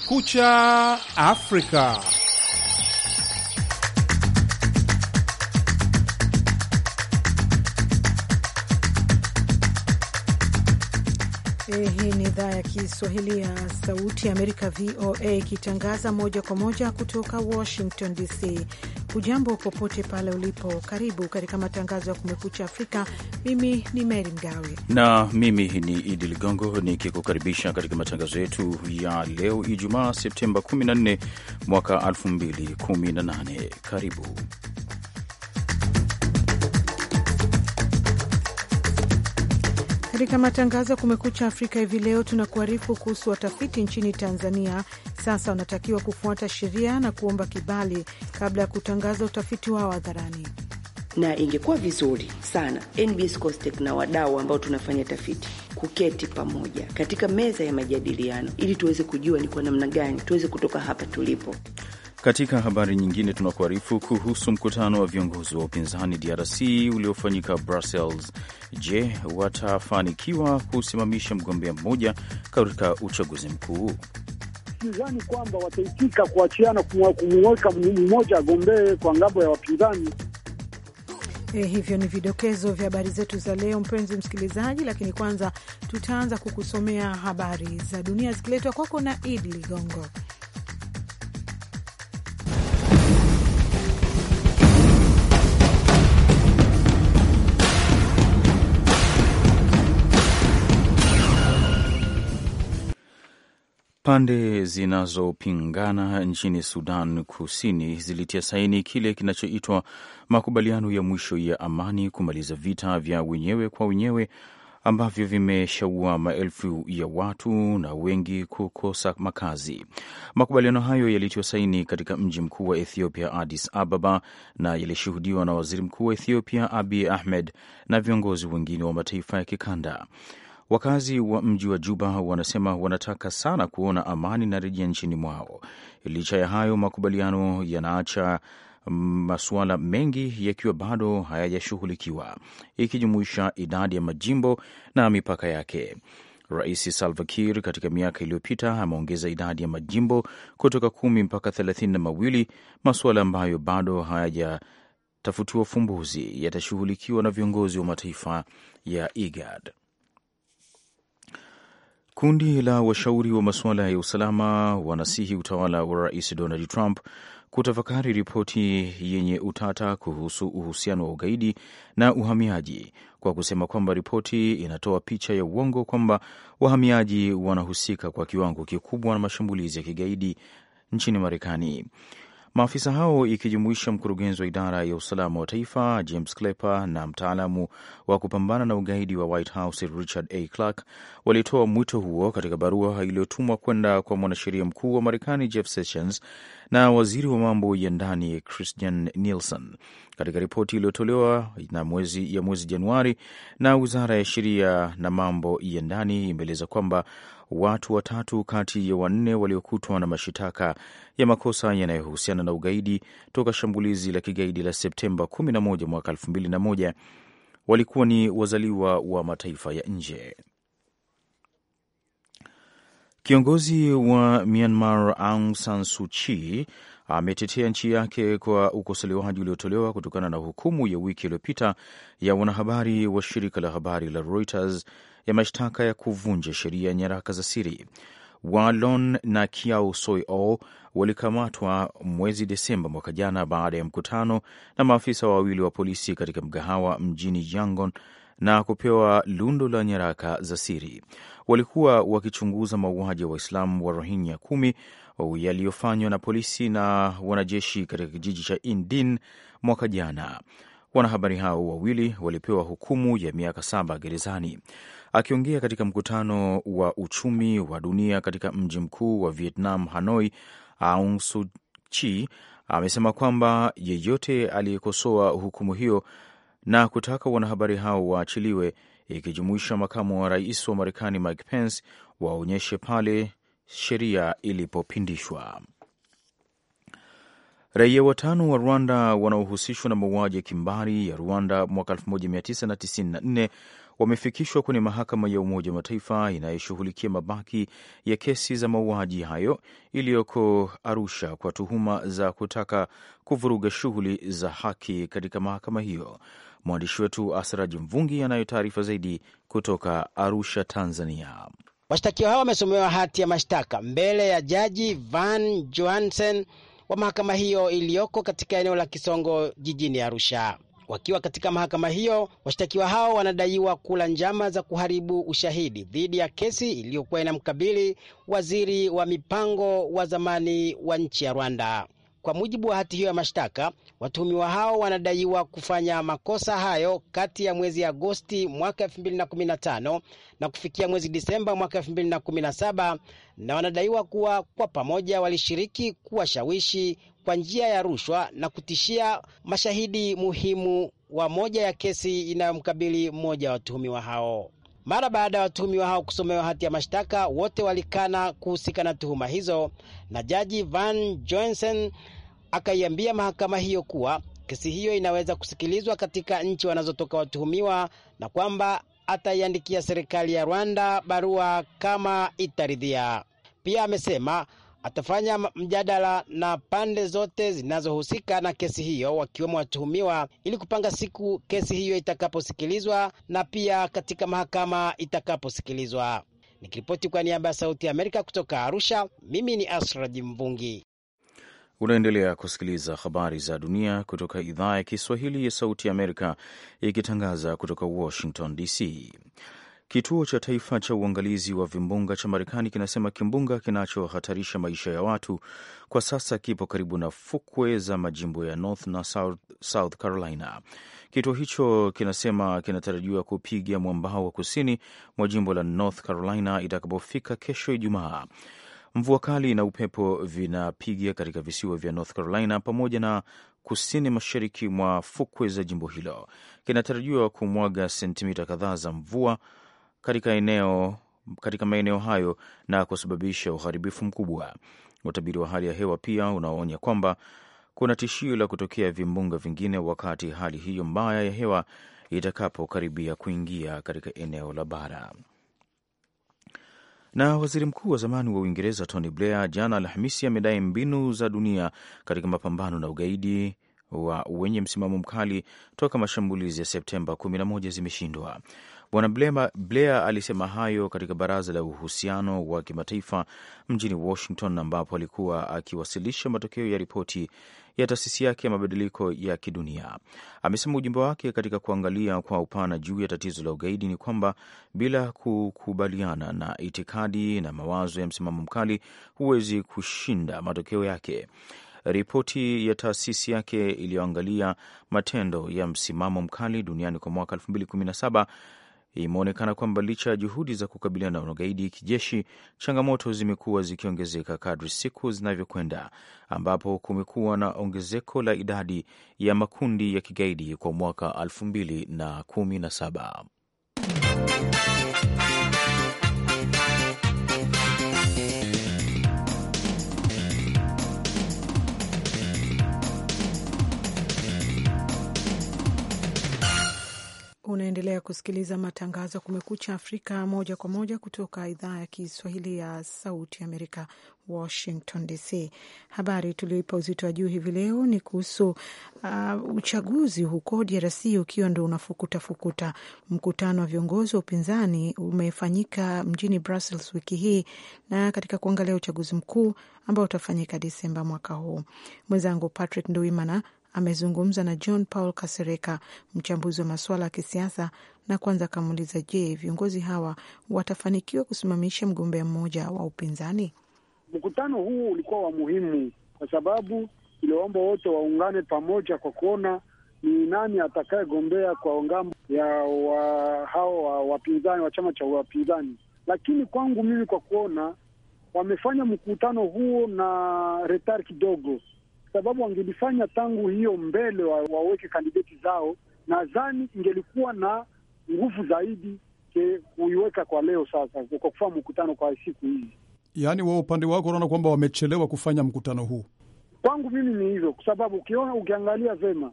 Kucha Afrika. Eh, hii ni idhaa ya Kiswahili ya Sauti ya Amerika, VOA, ikitangaza moja kwa moja kutoka Washington DC. Hujambo popote pale ulipo, karibu katika matangazo ya Kumekucha Afrika. Mimi ni Meri Mgawe na mimi ni Idi Ligongo nikikukaribisha katika matangazo yetu ya leo Ijumaa Septemba 14 mwaka 2018. Karibu katika matangazo ya Kumekucha Afrika. Hivi leo tunakuarifu kuhusu watafiti nchini Tanzania sasa wanatakiwa kufuata sheria na kuomba kibali kabla ya kutangaza utafiti wao hadharani na ingekuwa vizuri sana NBS Costech na wadau ambao tunafanya tafiti kuketi pamoja katika meza ya majadiliano ili tuweze kujua ni kwa namna gani tuweze kutoka hapa tulipo. Katika habari nyingine, tunakuarifu kuhusu mkutano wa viongozi wa upinzani DRC uliofanyika Brussels. Je, watafanikiwa kusimamisha mgombea mmoja katika uchaguzi mkuu? sidhani kwamba wataitika kuachiana kumweka mmoja agombee kwa ngambo ya wapinzani. Eh, hivyo ni vidokezo vya habari zetu za leo, mpenzi msikilizaji, lakini kwanza tutaanza kukusomea habari za dunia zikiletwa kwako na Idi Ligongo. Pande zinazopingana nchini Sudan Kusini zilitia saini kile kinachoitwa makubaliano ya mwisho ya amani kumaliza vita vya wenyewe kwa wenyewe ambavyo vimeshaua maelfu ya watu na wengi kukosa makazi. Makubaliano hayo yalitiwa saini katika mji mkuu wa Ethiopia, Addis Ababa, na yalishuhudiwa na waziri mkuu wa Ethiopia Abiy Ahmed na viongozi wengine wa mataifa ya kikanda. Wakazi wa mji wa Juba wanasema wanataka sana kuona amani na rejia nchini mwao. Licha ya hayo, makubaliano yanaacha masuala mengi yakiwa bado hayajashughulikiwa ikijumuisha idadi ya majimbo na mipaka yake. Rais Salva Kiir katika miaka iliyopita ameongeza idadi ya majimbo kutoka kumi mpaka thelathini na mawili, masuala ambayo bado hayajatafutiwa ufumbuzi yatashughulikiwa na viongozi wa mataifa ya IGAD. Kundi la washauri wa masuala ya usalama wanasihi utawala wa Rais Donald Trump kutafakari ripoti yenye utata kuhusu uhusiano wa ugaidi na uhamiaji kwa kusema kwamba ripoti inatoa picha ya uongo kwamba wahamiaji wanahusika kwa kiwango kikubwa na mashambulizi ya kigaidi nchini Marekani. Maafisa hao ikijumuisha mkurugenzi wa idara ya usalama wa taifa James Clapper na mtaalamu wa kupambana na ugaidi wa White House Richard A. Clark walitoa mwito huo katika barua iliyotumwa kwenda kwa mwanasheria mkuu wa Marekani Jeff Sessions na waziri wa mambo ya ndani Christian Nielsen katika ripoti iliyotolewa na mwezi ya mwezi Januari na wizara ya sheria na mambo ya ndani imeeleza kwamba watu watatu kati ya wanne waliokutwa na mashitaka ya makosa yanayohusiana na ugaidi toka shambulizi la kigaidi la Septemba 11 mwaka 2001 walikuwa ni wazaliwa wa mataifa ya nje. Kiongozi wa Myanmar Aung San Suu Kyi ametetea nchi yake kwa ukosolewaji uliotolewa kutokana na hukumu ya wiki iliyopita ya wanahabari wa shirika la habari la Reuters ya mashtaka ya kuvunja sheria ya nyaraka za siri. Walon na Kiau Soio walikamatwa mwezi Desemba mwaka jana baada ya mkutano na maafisa wawili wa polisi katika mgahawa mjini Yangon na kupewa lundo la nyaraka za siri walikuwa wakichunguza mauaji ya Waislamu wa Rohingya kumi yaliyofanywa na polisi na wanajeshi katika kijiji cha Indin mwaka jana. Wanahabari hao wawili walipewa hukumu ya miaka saba gerezani. Akiongea katika mkutano wa uchumi wa dunia katika mji mkuu wa Vietnam, Hanoi, Aung Suu amesema kwamba yeyote aliyekosoa hukumu hiyo na kutaka wanahabari hao waachiliwe ikijumuisha makamu wa rais wa Marekani Mike Pence waonyeshe pale sheria ilipopindishwa. Raia watano wa Rwanda wanaohusishwa na mauaji ya kimbari ya Rwanda mwaka 1994 wamefikishwa kwenye mahakama ya Umoja wa Mataifa inayoshughulikia mabaki ya kesi za mauaji hayo iliyoko Arusha kwa tuhuma za kutaka kuvuruga shughuli za haki katika mahakama hiyo. Mwandishi wetu Asraj Mvungi anayo taarifa zaidi kutoka Arusha, Tanzania. Washtakiwa hao wamesomewa hati ya mashtaka mbele ya Jaji Van Johansen wa mahakama hiyo iliyoko katika eneo la Kisongo jijini Arusha. Wakiwa katika mahakama hiyo, washtakiwa hao wanadaiwa kula njama za kuharibu ushahidi dhidi ya kesi iliyokuwa inamkabili waziri wa mipango wa zamani wa nchi ya Rwanda. Kwa mujibu wa hati hiyo ya mashtaka, watuhumiwa hao wanadaiwa kufanya makosa hayo kati ya mwezi Agosti mwaka 2015 na kufikia mwezi Disemba mwaka 2017 na wanadaiwa kuwa kwa pamoja walishiriki kuwashawishi kwa njia ya rushwa na kutishia mashahidi muhimu wa moja ya kesi inayomkabili mmoja wa watuhumiwa hao. Mara baada ya watuhumiwa hao kusomewa hati ya mashtaka, wote walikana kuhusika na tuhuma hizo, na jaji Van Johnson akaiambia mahakama hiyo kuwa kesi hiyo inaweza kusikilizwa katika nchi wanazotoka watuhumiwa na kwamba ataiandikia serikali ya Rwanda barua kama itaridhia. Pia amesema atafanya mjadala na pande zote zinazohusika na kesi hiyo wakiwemo watuhumiwa ili kupanga siku kesi hiyo itakaposikilizwa na pia katika mahakama itakaposikilizwa. Nikiripoti kwa niaba ya Sauti ya Amerika kutoka Arusha, mimi ni Asraji Mvungi. Unaendelea kusikiliza habari za dunia kutoka idhaa ya Kiswahili ya Sauti ya Amerika, ikitangaza kutoka Washington DC. Kituo cha Taifa cha Uangalizi wa Vimbunga cha Marekani kinasema kimbunga kinachohatarisha maisha ya watu kwa sasa kipo karibu na fukwe za majimbo ya North na South, South Carolina. Kituo hicho kinasema kinatarajiwa kupiga mwambao wa kusini mwa jimbo la North Carolina itakapofika kesho Ijumaa. Mvua kali na upepo vinapiga katika visiwa vya North Carolina pamoja na kusini mashariki mwa fukwe za jimbo hilo. Kinatarajiwa kumwaga sentimita kadhaa za mvua katika eneo katika maeneo hayo na kusababisha uharibifu mkubwa. Utabiri wa hali ya hewa pia unaonya kwamba kuna tishio la kutokea vimbunga vingine wakati hali hiyo mbaya ya hewa itakapokaribia kuingia katika eneo la bara. Na waziri mkuu wa zamani wa Uingereza Tony Blair jana Alhamisi amedai mbinu za dunia katika mapambano na ugaidi wa wenye msimamo mkali toka mashambulizi ya Septemba 11 zimeshindwa. Bwana Blair alisema hayo katika Baraza la Uhusiano wa Kimataifa mjini Washington, ambapo alikuwa akiwasilisha matokeo ya ripoti ya taasisi yake ya mabadiliko ya kidunia. Amesema ujumbe wake katika kuangalia kwa upana juu ya tatizo la ugaidi ni kwamba bila kukubaliana na itikadi na mawazo ya msimamo mkali, huwezi kushinda matokeo yake. Ripoti ya taasisi yake iliyoangalia matendo ya msimamo mkali duniani kwa mwaka 2017 imeonekana kwamba licha ya juhudi za kukabiliana na ugaidi kijeshi, changamoto zimekuwa zikiongezeka kadri siku zinavyokwenda, ambapo kumekuwa na ongezeko la idadi ya makundi ya kigaidi kwa mwaka 2017. Unaendelea kusikiliza matangazo ya Kumekucha Afrika moja kwa moja kutoka idhaa ya Kiswahili ya Sauti Amerika, Washington DC. Habari tulioipa uzito wa juu hivi leo ni kuhusu uh, uchaguzi huko DRC ukiwa ndo unafukutafukuta. Mkutano wa viongozi wa upinzani umefanyika mjini Brussels wiki hii na katika kuangalia uchaguzi mkuu ambao utafanyika Desemba mwaka huu. Mwenzangu Patrick Nduimana amezungumza na John Paul Kasereka, mchambuzi wa masuala ya kisiasa, na kwanza akamuuliza, je, viongozi hawa watafanikiwa kusimamisha mgombea mmoja wa upinzani? Mkutano huu ulikuwa wa muhimu kwa sababu iliwaomba wote waungane pamoja kwa kuona ni nani atakayegombea kwa ngambo ya wa, hao wa wapinzani wa chama cha wapinzani. Lakini kwangu mimi, kwa kuona wamefanya mkutano huo na retar kidogo, sababu wangelifanya tangu hiyo mbele wa, waweke kandideti zao, nadhani ingelikuwa na nguvu zaidi kuiweka kwa leo sasa, kwa kufanya mkutano kwa siku hizi. Yaani wa upande wako unaona kwamba wamechelewa kufanya mkutano huu? Kwangu mimi ni hivyo, kwa sababu ukiona, ukiangalia vema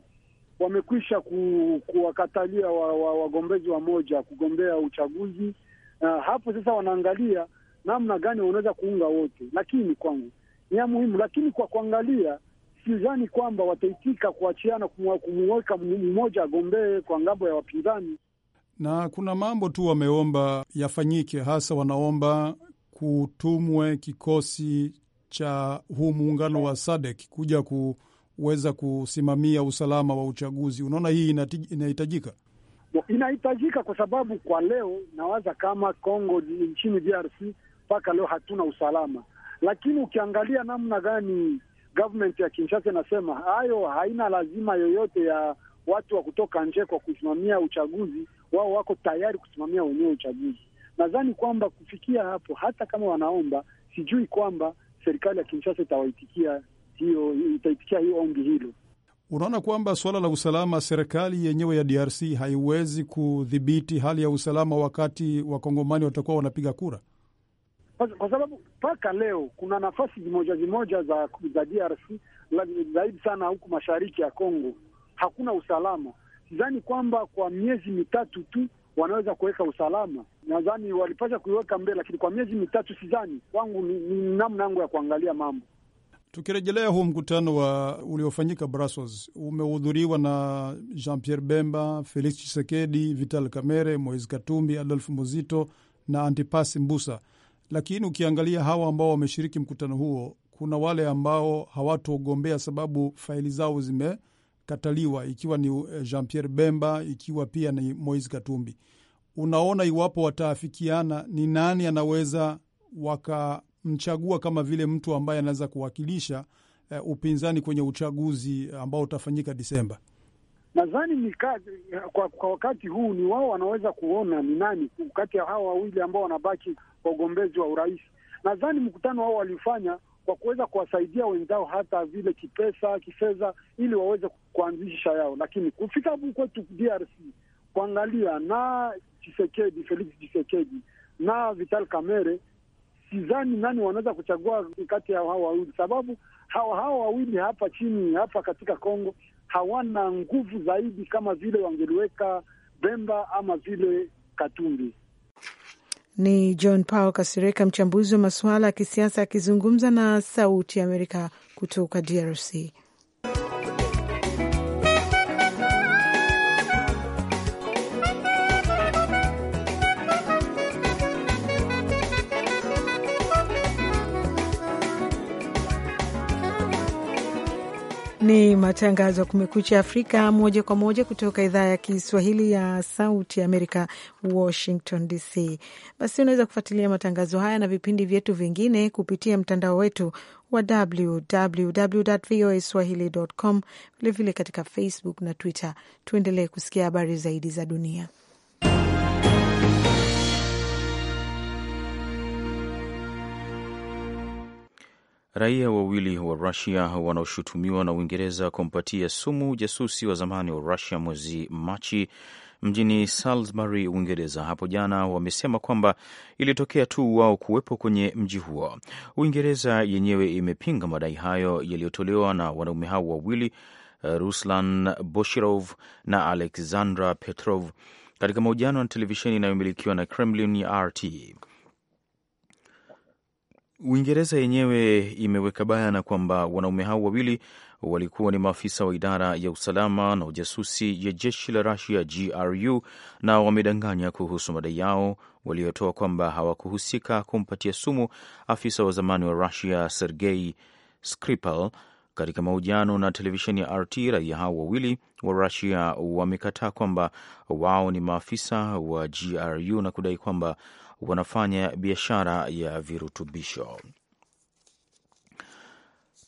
wamekwisha ku, kuwakatalia wagombezi wa, wa wamoja kugombea uchaguzi na hapo sasa wanaangalia namna gani wanaweza kuunga wote, lakini kwangu ni ya muhimu, lakini kwa kuangalia sidhani kwamba wataitika kuachiana kumuweka mmoja agombee kwa ngambo ya wapinzani, na kuna mambo tu wameomba yafanyike, hasa wanaomba kutumwe kikosi cha huu muungano wa SADC kuja kuweza kusimamia usalama wa uchaguzi. Unaona, hii inahitajika inahitajika kwa sababu kwa leo nawaza kama Congo nchini DRC mpaka leo hatuna usalama, lakini ukiangalia namna gani government ya Kinshasa inasema hayo haina lazima yoyote ya watu wa kutoka nje kwa kusimamia uchaguzi wao, wako tayari kusimamia wenyewe uchaguzi. Nadhani kwamba kufikia hapo, hata kama wanaomba, sijui kwamba serikali ya Kinshasa itawaitikia hiyo, itaitikia hiyo ombi hilo. Unaona kwamba suala la usalama, serikali yenyewe ya DRC haiwezi kudhibiti hali ya usalama wakati wakongomani watakuwa wanapiga kura kwa sababu mpaka leo kuna nafasi zimoja zimoja za, za DRC zaidi sana huku mashariki ya Kongo hakuna usalama. Sidhani kwamba kwa miezi mitatu tu wanaweza kuweka usalama. Nadhani walipasha kuiweka mbele, lakini kwa miezi mitatu sidhani. Kwangu ni, ni namna yangu ya kuangalia mambo. Tukirejelea huu mkutano wa uliofanyika Brussels, umehudhuriwa na Jean Pierre Bemba, Felix chisekedi Vital Kamerhe, Moise Katumbi, Adolf Muzito na Antipasi Mbusa. Lakini ukiangalia hawa ambao wameshiriki mkutano huo, kuna wale ambao hawatogombea sababu faili zao zimekataliwa, ikiwa ni eh, Jean Pierre Bemba, ikiwa pia ni Moise Katumbi. Unaona, iwapo wataafikiana, ni nani anaweza wakamchagua kama vile mtu ambaye anaweza kuwakilisha uh, upinzani kwenye uchaguzi ambao utafanyika Disemba. Nadhani ni kazi eh, kwa, kwa wakati huu ni wao wanaweza kuona ni nani kati ya hawa wawili ambao wanabaki kwa ugombezi wa urais. Nadhani mkutano wao walifanya kwa kuweza kuwasaidia wenzao hata vile kipesa, kifedha, ili waweze kuanzisha yao. Lakini kufika hapo kwetu DRC kuangalia na Chisekedi, Felix Chisekedi na Vital Kamere, sidhani nani wanaweza kuchagua kati ya hao wawili, sababu hawa hawa wawili hapa chini hapa katika Kongo hawana nguvu zaidi kama vile wangeliweka Bemba ama vile Katumbi. Ni John Paul Kasireka, mchambuzi wa masuala ya kisiasa akizungumza na Sauti ya Amerika kutoka DRC. Ni matangazo ya Kumekucha Afrika moja kwa moja kutoka idhaa ya Kiswahili ya Sauti Amerika, Washington DC. Basi unaweza kufuatilia matangazo haya na vipindi vyetu vingine kupitia mtandao wetu wa swahilicom vilevile katika Facebook na Twitter. Tuendelee kusikia habari zaidi za dunia. Raia wawili wa Rusia wanaoshutumiwa na Uingereza kumpatia sumu jasusi wa zamani wa Rusia mwezi Machi mjini Salisbury, Uingereza hapo jana wamesema kwamba ilitokea tu wao kuwepo kwenye mji huo. Uingereza yenyewe imepinga madai hayo yaliyotolewa na wanaume hao wawili, eh, Ruslan Boshirov na Alexandra Petrov katika mahojiano na televisheni inayomilikiwa na Kremlin ya RT. Uingereza yenyewe imeweka bayana kwamba wanaume hao wawili walikuwa ni maafisa wa idara ya usalama na ujasusi ya jeshi la Rusia GRU na wamedanganya kuhusu madai yao waliotoa kwamba hawakuhusika kumpatia sumu afisa wa zamani wa Rusia Sergei Skripal. Katika mahojiano na televisheni ya RT, raia hao wawili wa Rusia wamekataa kwamba wao ni maafisa wa GRU na kudai kwamba wanafanya biashara ya virutubisho.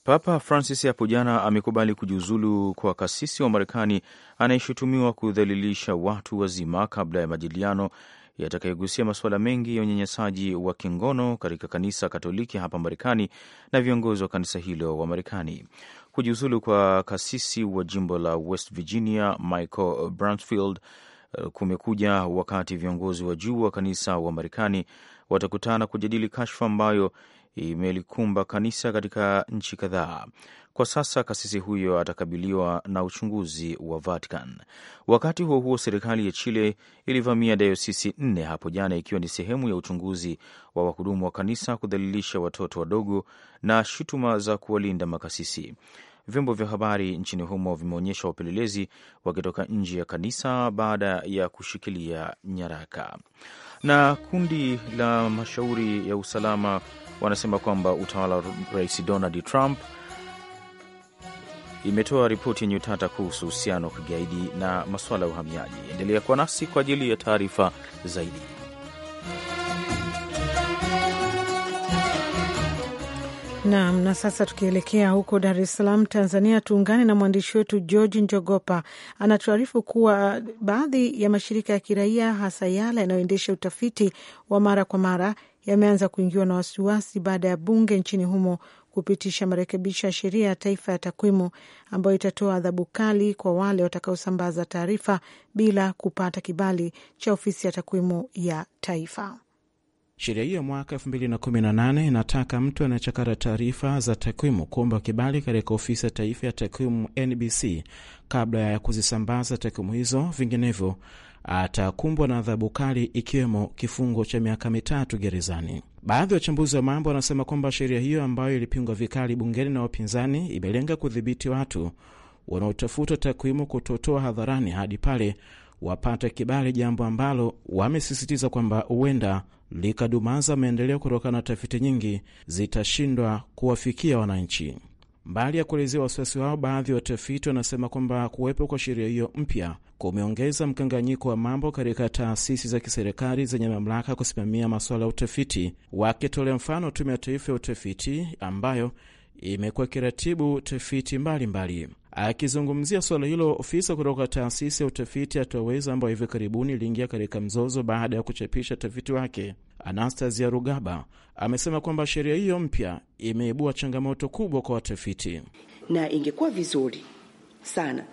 Papa Francis hapo jana amekubali kujiuzulu kwa kasisi wa Marekani anayeshutumiwa kudhalilisha watu wazima kabla ya majadiliano yatakayogusia masuala mengi ya unyanyasaji wa kingono katika kanisa Katoliki hapa Marekani na viongozi wa kanisa hilo wa Marekani. Kujiuzulu kwa kasisi wa jimbo la West Virginia Michael Bransfield Eh, kumekuja wakati viongozi wa juu wa kanisa wa Marekani watakutana kujadili kashfa ambayo imelikumba kanisa katika nchi kadhaa. Kwa sasa kasisi huyo atakabiliwa na uchunguzi wa Vatican. Wakati huo huo, serikali ya Chile ilivamia dayosisi nne hapo jana, ikiwa ni sehemu ya uchunguzi wa wahudumu wa kanisa kudhalilisha watoto wadogo na shutuma za kuwalinda makasisi. Vyombo vya habari nchini humo vimeonyesha wapelelezi wakitoka nje ya kanisa baada ya kushikilia nyaraka. Na kundi la mashauri ya usalama wanasema kwamba utawala wa Rais Donald Trump imetoa ripoti yenye utata kuhusu uhusiano wa kigaidi na masuala ya uhamiaji. Endelea kuwa nasi kwa ajili ya taarifa zaidi. Naam, na sasa tukielekea huko Dar es Salaam, Tanzania, tuungane na mwandishi wetu George Njogopa. Anatuarifu kuwa uh, baadhi ya mashirika ya kiraia hasa yale yanayoendesha utafiti wa mara kwa mara yameanza kuingiwa na wasiwasi baada ya bunge nchini humo kupitisha marekebisho ya sheria ya taifa ya takwimu ambayo itatoa adhabu kali kwa wale watakaosambaza taarifa bila kupata kibali cha ofisi ya takwimu ya taifa. Sheria hiyo mwaka 2018 inataka mtu anayechakara taarifa za takwimu kuomba kibali katika ofisi ya taifa ya takwimu NBC kabla ya kuzisambaza takwimu hizo, vinginevyo atakumbwa na adhabu kali ikiwemo kifungo cha miaka mitatu gerezani. Baadhi ya wachambuzi wa mambo wanasema kwamba sheria hiyo ambayo ilipingwa vikali bungeni na wapinzani imelenga kudhibiti watu wanaotafuta takwimu kutotoa hadharani hadi pale wapata kibali, jambo ambalo wamesisitiza kwamba huenda likadumaza maendeleo kutokana na tafiti nyingi zitashindwa kuwafikia wananchi. Mbali ya kuelezea wasiwasi wao, baadhi ya watafiti wanasema kwamba kuwepo kwa sheria hiyo mpya kumeongeza mkanganyiko wa mambo katika taasisi za kiserikali zenye mamlaka kusimamia masuala ya utafiti, wakitolea mfano Tume ya Taifa ya Utafiti ambayo imekuwa ikiratibu tafiti mbalimbali. Akizungumzia suala hilo, ofisa kutoka taasisi ya utafiti Ataweza ambayo hivi karibuni iliingia katika mzozo baada ya kuchapisha tafiti wake, Anastasia Rugaba amesema kwamba sheria hiyo mpya imeibua changamoto kubwa kwa watafiti, na ingekuwa vizuri sana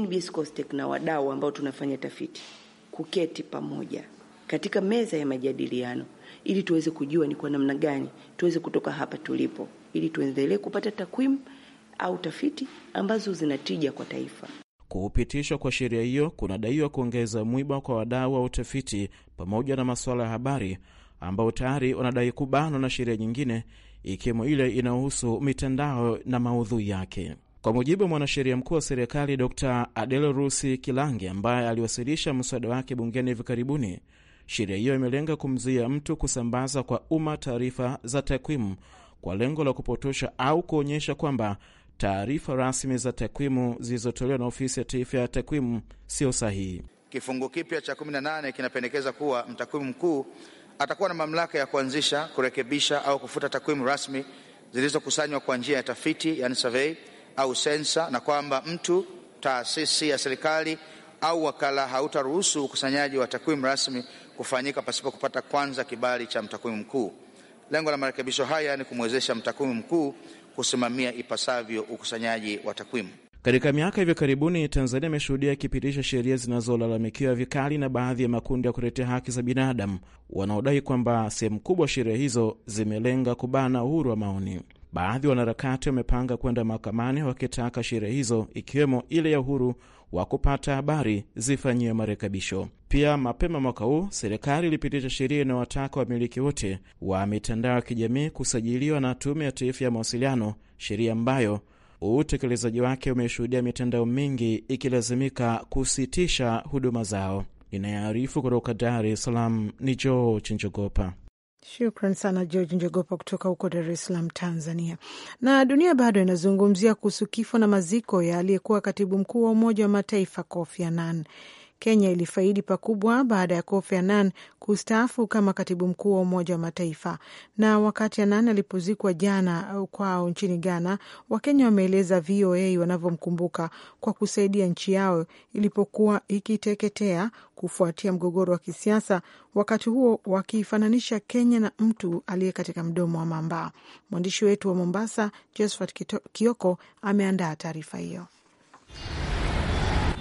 NBS COSTECH na wadau ambao tunafanya tafiti kuketi pamoja katika meza ya majadiliano ili tuweze kujua ni kwa namna gani tuweze kutoka hapa tulipo, ili tuendelee kupata takwimu au tafiti ambazo zinatija kwa taifa. Kupitishwa kwa sheria hiyo kunadaiwa kuongeza mwiba kwa wadau wa utafiti pamoja na masuala ya habari ambao tayari wanadai kubanwa na sheria nyingine ikiwemo ile inayohusu mitandao na maudhui yake. Kwa mujibu wa mwanasheria mkuu wa serikali Dr Adelrusi Kilange ambaye aliwasilisha mswada wake bungeni hivi karibuni, sheria hiyo imelenga kumzuia mtu kusambaza kwa umma taarifa za takwimu kwa lengo la kupotosha au kuonyesha kwamba taarifa rasmi za takwimu zilizotolewa na Ofisi ya Taifa ya Takwimu sio sahihi. Kifungu kipya cha 18 kinapendekeza kuwa mtakwimu mkuu atakuwa na mamlaka ya kuanzisha, kurekebisha au kufuta takwimu rasmi zilizokusanywa kwa njia ya tafiti, yani survey au sensa, na kwamba mtu, taasisi ya serikali au wakala hautaruhusu ukusanyaji wa takwimu rasmi kufanyika pasipo kupata kwanza kibali cha mtakwimu mkuu. Lengo la marekebisho haya ni kumwezesha mtakwimu mkuu kusimamia ipasavyo ukusanyaji wa takwimu. Katika miaka hivi karibuni, Tanzania imeshuhudia ikipitisha sheria zinazolalamikiwa vikali na baadhi ya makundi ya kutetea haki za binadamu wanaodai kwamba sehemu kubwa sheria hizo zimelenga kubana uhuru wa maoni. Baadhi ya wanaharakati wamepanga kwenda mahakamani wakitaka sheria hizo, ikiwemo ile ya uhuru wa kupata habari zifanyiwe marekebisho. Pia mapema mwaka huu serikali ilipitisha sheria inayowataka wamiliki wote wa mitandao ya kijamii kusajiliwa na Tume ya Taifa ya Mawasiliano, sheria ambayo utekelezaji wake umeshuhudia mitandao mingi ikilazimika kusitisha huduma zao. Inayoarifu kutoka Dar es Salaam ni Joo Chinjogopa. Shukran sana George Njogopa kutoka huko Dar es Salaam, Tanzania. Na dunia bado inazungumzia kuhusu kifo na maziko ya aliyekuwa katibu mkuu wa Umoja wa Mataifa Kofi Annan. Kenya ilifaidi pakubwa baada ya Kofi Annan kustaafu kama katibu mkuu wa Umoja wa Mataifa. Na wakati Annan alipozikwa jana uh, kwao nchini Ghana, Wakenya wameeleza VOA wanavyomkumbuka kwa kusaidia nchi yao ilipokuwa ikiteketea kufuatia mgogoro wa kisiasa, wakati huo wakiifananisha Kenya na mtu aliye katika mdomo wa mamba. Mwandishi wetu wa Mombasa, Josephat Kioko, ameandaa taarifa hiyo.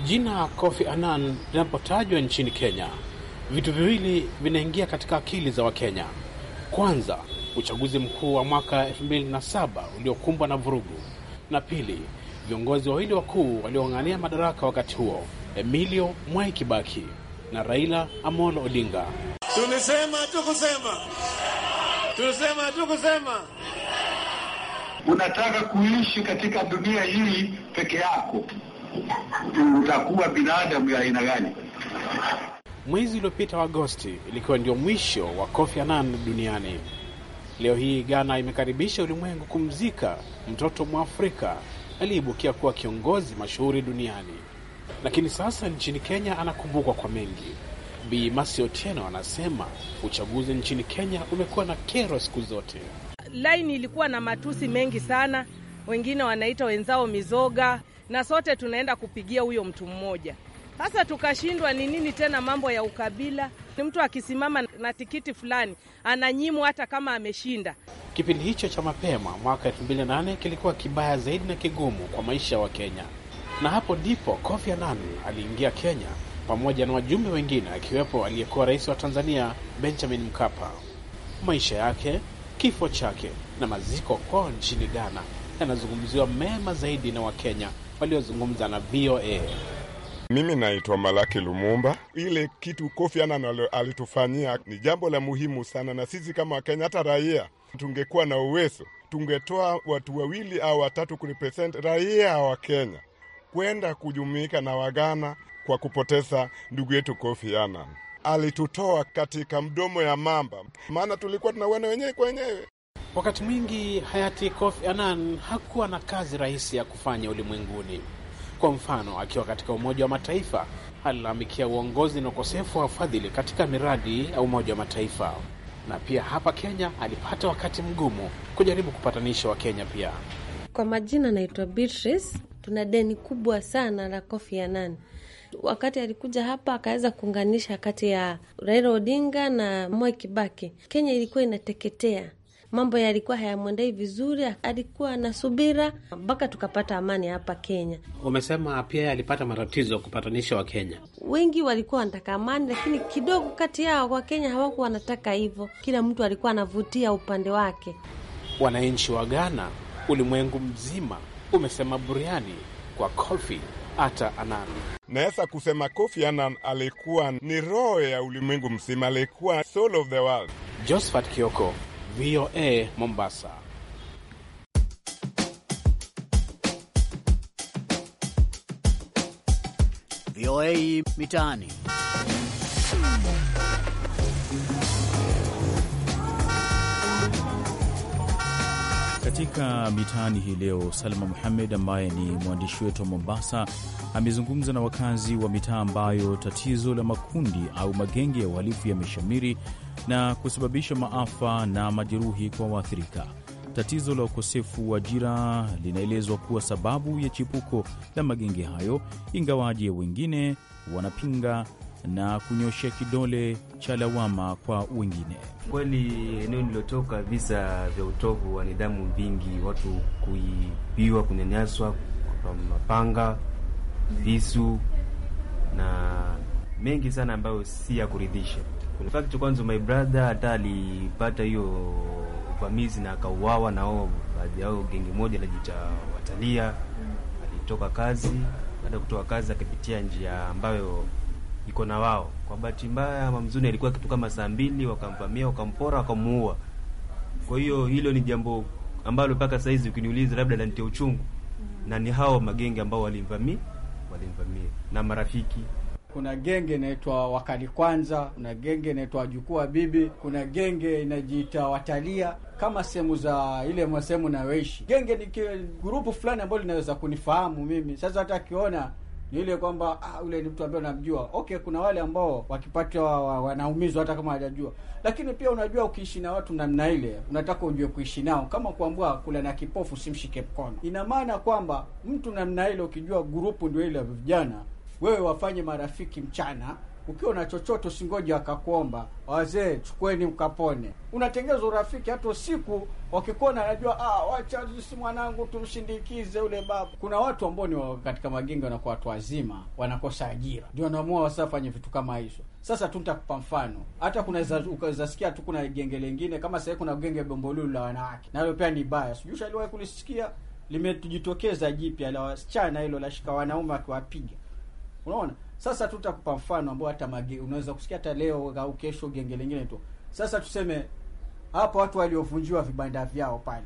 Jina Kofi Annan linapotajwa nchini Kenya, vitu viwili vinaingia katika akili za Wakenya. Kwanza, uchaguzi mkuu wa mwaka 2007 uliokumbwa na vurugu, na pili, viongozi wawili wakuu waliong'ania madaraka wakati huo, Emilio Mwai Kibaki na Raila Amolo Odinga. Tulisema tukusema, tulisema tukusema, unataka kuishi katika dunia hii peke yako tutakuwa binadamu ya aina gani? Mwezi uliopita wa Agosti ilikuwa ndio mwisho wa Kofi Annan duniani. Leo hii Ghana imekaribisha ulimwengu kumzika mtoto Mwafrika aliyeibukia kuwa kiongozi mashuhuri duniani, lakini sasa nchini Kenya anakumbukwa kwa mengi. Bi Masi Otieno anasema uchaguzi nchini Kenya umekuwa na kero siku zote. Laini ilikuwa na matusi mengi sana, wengine wanaita wenzao mizoga na sote tunaenda kupigia huyo mtu mmoja. Sasa tukashindwa ni nini tena mambo ya ukabila. Ni mtu akisimama na tikiti fulani ananyimwa hata kama ameshinda. Kipindi hicho cha mapema mwaka 2008 kilikuwa kibaya zaidi na kigumu kwa maisha wa Kenya, na hapo ndipo Kofi Annan aliingia Kenya pamoja na wajumbe wengine akiwepo aliyekuwa rais wa Tanzania Benjamin Mkapa. Maisha yake, kifo chake na maziko kwao nchini Ghana yanazungumziwa mema zaidi na Wakenya waliozungumza na VOA. Mimi naitwa Malaki Lumumba. Ile kitu Kofi Annan alitufanyia ni jambo la muhimu sana, na sisi kama Wakenya, hata raia, tungekuwa na uwezo, tungetoa watu wawili au watatu kurepresent raia wa Kenya kwenda kujumuika na Wagana kwa kupoteza ndugu yetu Kofi Annan. Alitutoa katika mdomo ya mamba, maana tulikuwa tunauana wenyewe kwa wenyewe. Wakati mwingi hayati Kofi Annan hakuwa na kazi rahisi ya kufanya ulimwenguni. Kwa mfano, akiwa katika Umoja wa Mataifa alilalamikia uongozi na ukosefu wa ufadhili katika miradi ya Umoja wa Mataifa, na pia hapa Kenya alipata wakati mgumu kujaribu kupatanisha Wakenya. Pia kwa majina anaitwa Beatrice. Tuna deni kubwa sana la Kofi Annan. Wakati alikuja hapa akaweza kuunganisha kati ya Raila Odinga na Mwai Kibaki, Kenya ilikuwa inateketea mambo yalikuwa hayamwendei vizuri, alikuwa na subira mpaka tukapata amani hapa Kenya. Umesema pia alipata matatizo kupatanisha Wakenya, wengi walikuwa wanataka amani, lakini kidogo kati yao Wakenya hawakuwa wanataka hivyo. Kila mtu alikuwa anavutia upande wake. Wananchi wa Ghana, ulimwengu mzima umesema buriani kwa Kofi hata Anan. Naweza kusema Kofi Anan alikuwa ni roho ya ulimwengu mzima, alikuwa soul of the world. Josephat Kioko, VOA Mombasa. VOA Mitaani. Katika mitaani hii leo, Salma Muhamed ambaye ni mwandishi wetu wa Mombasa amezungumza na wakazi wa mitaa ambayo tatizo la makundi au magenge ya uhalifu yameshamiri na kusababisha maafa na majeruhi kwa waathirika. Tatizo la ukosefu wa ajira linaelezwa kuwa sababu ya chipuko la magenge hayo, ingawaje wengine wanapinga na kunyoshea kidole cha lawama kwa wengine. Kweli eneo nililotoka, visa vya utovu wa nidhamu vingi, watu kuibiwa, kunyanyaswa kwa mapanga, visu na mengi sana ambayo si ya kuridhisha. In fact kwanza my brother hata alipata hiyo uvamizi na akauawa na wao, baadhi yao gengi moja lajita watalia. Alitoka kazi, baada kutoka kazi akapitia njia ambayo iko na wao. Kwa bahati mbaya ama mzuri, alikuwa kitu kama saa mbili, wakamvamia, wakampora, wakamuua. Kwa hiyo hilo ni jambo ambalo mpaka saa hizi ukiniuliza, labda lanitia uchungu, na ni hao magenge ambao walimvamia walimvamia na marafiki kuna genge inaitwa Wakali Kwanza, kuna genge inaitwa Wajukuu Bibi, kuna genge inajiita Watalia, kama sehemu za ile sehemu nayoishi. Genge ni grupu fulani ambayo linaweza kunifahamu mimi. Sasa hata akiona ni ile kwamba ah, ule ni mtu ambaye unamjua. Okay, kuna wale ambao wakipata wanaumizwa hata kama hawajajua, lakini pia unajua, ukiishi na watu namna ile unataka ujue kuishi nao. Kama kuambua kula na kipofu simshike mkono, ina maana kwamba mtu namna ile ukijua grupu ndio ile vijana wewe wafanye marafiki mchana ukiwa na chochote usingoje wakakuomba, wazee chukweni mkapone. Unatengeza urafiki hata usiku, wakikuona anajua, ah, wacha sisi mwanangu tumshindikize ule baba. Kuna watu ambao ni katika magenge wanakuwa watu wazima, wanakosa ajira, ndio wanaamua wasafanye vitu kama hizo. Sasa tu nitakupa mfano, hata kuna ukazasikia tu, kuna genge lingine kama sahii, kuna genge Bombolulu la wanawake, nalo pia ni baya, sijui shaliwahi kulisikia, limetujitokeza jipya la wasichana, hilo lashika wanaume wakiwapiga Unaona, sasa tutakupa mfano ambao hata magi unaweza kusikia hata leo au kesho genge lingine tu. Sasa tuseme hapa watu waliovunjiwa vibanda vyao pale,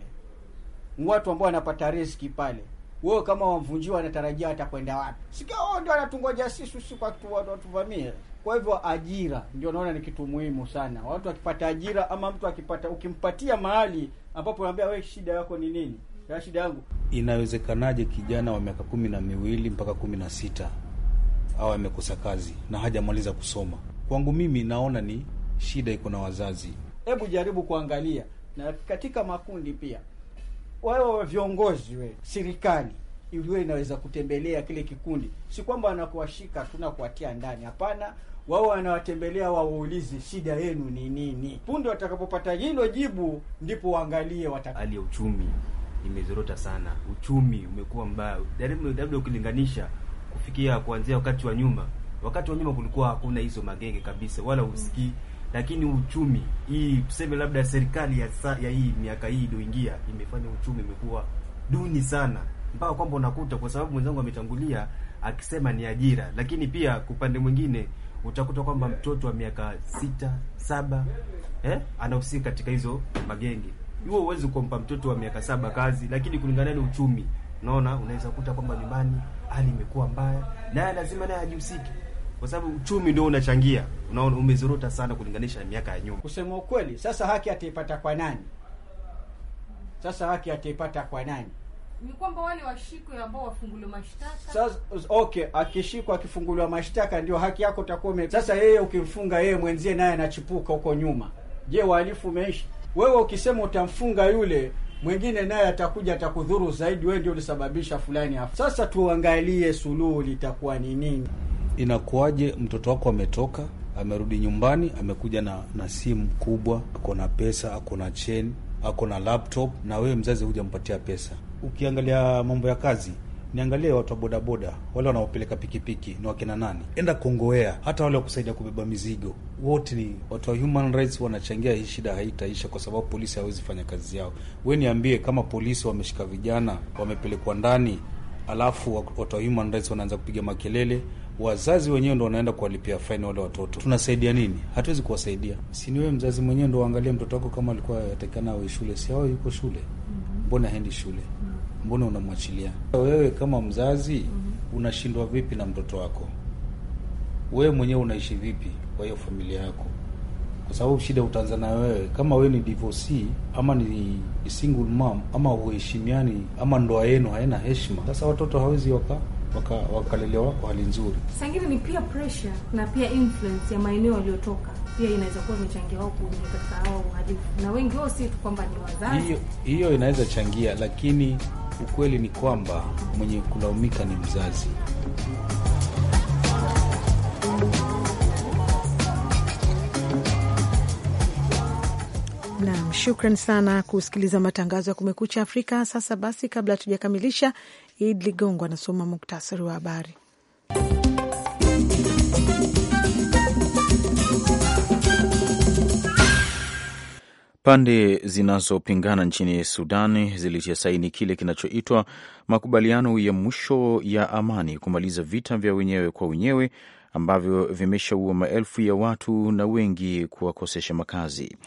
Ni watu ambao wanapata riski pale, wewe kama wamvunjiwa, wanatarajia watakwenda wapi? Sikia wao ndio wanatungoja sisi, kwa watu watuvamie. Kwa hivyo ajira ndio naona ni kitu muhimu sana. Watu wakipata ajira ama mtu akipata, ukimpatia mahali ambapo unaambia wewe, shida yako ni nini? Ya shida yangu, inawezekanaje kijana wa miaka kumi na miwili mpaka kumi na sita au amekosa kazi na hajamaliza kusoma. Kwangu mimi naona ni shida iko na wazazi. Hebu jaribu kuangalia na katika makundi pia, wewe viongozi, we serikali iliwe inaweza kutembelea kile kikundi, si kwamba wanakuwashika tuna kuwatia ndani, hapana. Wao wanawatembelea wawaulize, shida yenu ni nini? Punde watakapopata hilo jibu, ndipo waangalie wata... hali ya uchumi imezorota sana, uchumi umekuwa mbaya, yaani, labda ukilinganisha kufikia kuanzia wakati wa nyuma, wakati wa nyuma kulikuwa hakuna hizo magenge kabisa, wala usikii mm. Lakini uchumi hii tuseme labda serikali ya, sa, ya hii miaka hii iliyoingia imefanya uchumi imekuwa duni sana, mpaka kwamba unakuta kwa sababu mwenzangu ametangulia akisema ni ajira, lakini pia kwa upande mwingine utakuta kwamba mtoto wa miaka sita saba eh, anahusika katika hizo magenge. Huo huwezi kumpa mtoto wa miaka saba kazi, lakini kulingana na uchumi Unaona, unaweza kuta kwamba nyumbani hali imekuwa mbaya, naye lazima naye ajihusike kwa sababu uchumi ndio unachangia. Unaona, umezorota sana kulinganisha miaka ya nyuma. Kusema ukweli, sasa haki ataipata kwa nani? Sasa haki ataipata kwa nani? Ni kwamba wale washikwe ambao wafunguliwa mashtaka. Sasa okay, akishikwa akifunguliwa mashtaka ndio haki yako utakuwa ume. Sasa yeye ukimfunga yeye mwenzie naye anachipuka huko nyuma. Je, wahalifu umeishi? Wewe ukisema utamfunga yule mwingine naye atakuja atakudhuru zaidi, wewe ndio ulisababisha fulani hapo. Sasa tuangalie suluhu litakuwa ni nini. Inakuwaje mtoto wako ametoka amerudi nyumbani, amekuja na, na simu kubwa, ako na pesa, ako na cheni, ako na laptop, na wewe mzazi hujampatia pesa. Ukiangalia mambo ya kazi niangalie watu wa bodaboda wale wanaopeleka pikipiki ni wakina nani? Enda kongoea hata wale wakusaidia kubeba mizigo, wote ni watu wa human rights, wanachangia hii shida haitaisha, kwa sababu polisi hawezi fanya kazi yao. We niambie, kama polisi wameshika vijana wamepelekwa ndani, alafu watu wa human rights wanaanza kupiga makelele wazazi wenyewe ndo wanaenda kuwalipia faini wale watoto, tunasaidia nini? Hatuwezi kuwasaidia. Si ni wewe mzazi mwenyewe ndo waangalie mtoto wako, kama alikuwa atakikana awe shule, si yuko shule? Mbona haendi shule? mbona unamwachilia? Wewe kama mzazi mm -hmm. unashindwa vipi na mtoto wako? Wewe mwenyewe unaishi vipi kwa hiyo familia yako? Kwa sababu shida utaanza na wewe. Kama wewe ni divorcee ama ni single mom ama uheshimiani ama ndoa yenu haina heshima, sasa watoto hawezi waka waka wakalelewa kwa hali nzuri. Sangine ni pia pressure na pia influence ya maeneo waliotoka pia inaweza kuwa imechangia wao kuingia katika hao uhalifu, na wengi wao si tu kwamba ni wazazi. Hiyo hiyo inaweza changia, lakini Ukweli ni kwamba mwenye kulaumika ni mzazi. Nam, shukran sana kusikiliza matangazo ya Kumekucha Afrika. Sasa basi, kabla hatujakamilisha, Id Ligongo anasoma muktasari wa habari. Pande zinazopingana nchini Sudan zilitia saini kile kinachoitwa makubaliano ya mwisho ya amani kumaliza vita vya wenyewe kwa wenyewe ambavyo vimeshaua maelfu ya watu na wengi kuwakosesha makazi.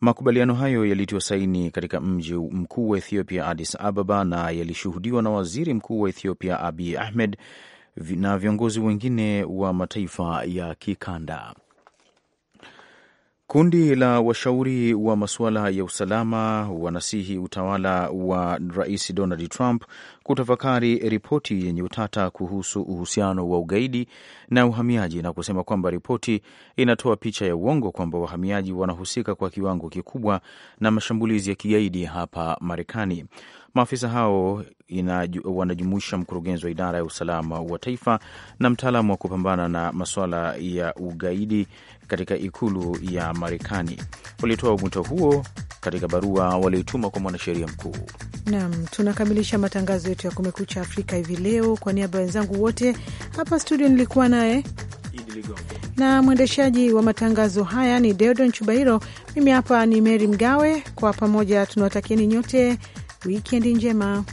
Makubaliano hayo yalitiwa saini katika mji mkuu wa Ethiopia, Addis Ababa, na yalishuhudiwa na waziri mkuu wa Ethiopia Abiy Ahmed na viongozi wengine wa mataifa ya kikanda. Kundi la washauri wa masuala ya usalama wanasihi utawala wa Rais Donald Trump kutafakari ripoti yenye utata kuhusu uhusiano wa ugaidi na uhamiaji na kusema kwamba ripoti inatoa picha ya uongo kwamba wahamiaji wanahusika kwa kiwango kikubwa na mashambulizi ya kigaidi hapa Marekani. Maafisa hao wanajumuisha mkurugenzi wa idara ya usalama wa taifa na mtaalamu wa kupambana na masuala ya ugaidi katika ikulu ya Marekani. Walitoa mwito huo katika barua walioituma kwa mwanasheria mkuu. Naam, tunakamilisha matangazo yetu ya Kumekucha Afrika hivi leo. Kwa niaba ya wenzangu wote hapa studio, nilikuwa naye na mwendeshaji wa matangazo haya ni Deodon Chubairo. Mimi hapa ni Meri Mgawe. Kwa pamoja tunawatakieni nyote 我们肯定接嘛。